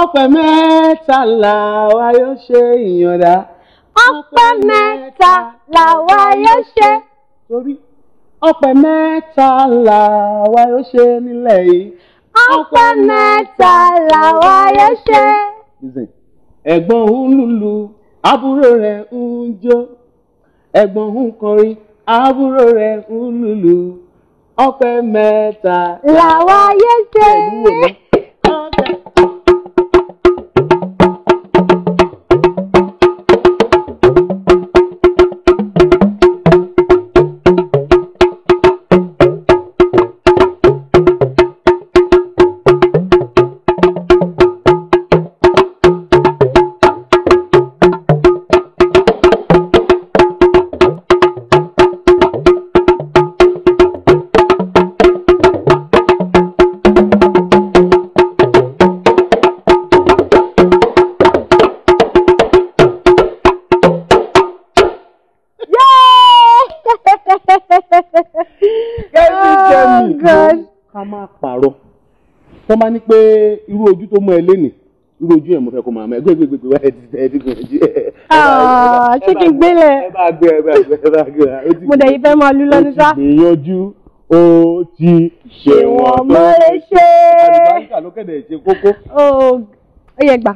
ọpẹ́ mẹ́ta làwa yóò ṣe ìyànda. ọpẹ́ mẹ́ta làwa yóò ṣe. torí ọpẹ́ mẹ́ta làwa yóò ṣe nílẹ̀ yìí. ọpẹ́ mẹ́ta làwa yóò ṣe. ẹ̀gbọ́n ń lùlù àbúrò rẹ̀ ń jó ẹ̀gbọ́n ń kọrin àbúrò rẹ̀ ń lùlù ọpẹ́ mẹ́ta làwa yóò ṣe. kẹ́mi kẹ́mi ló ká máa pààrọ̀ tó máa ní pé irú ojú tó mú ẹ lé nì irú ojú yẹn mo fẹ́ kó máa mọ ẹgbẹ́ gbẹgbẹ́ gbẹ́ ẹ ti ẹ ti gbẹ ojú ẹ. Ah, ṣé kí n gbélé. ẹ bá gbé ẹ bá gbé ẹ bá gbé. mo dẹ̀ yí fẹ́ máa lú lọ́nu sá. ó ti gbìyànjú ó ti ṣe mọ́ ẹ ṣe. àdìbáríkà ló kẹ̀dẹ̀ ṣe kókó. Oh, ó yẹ gbà.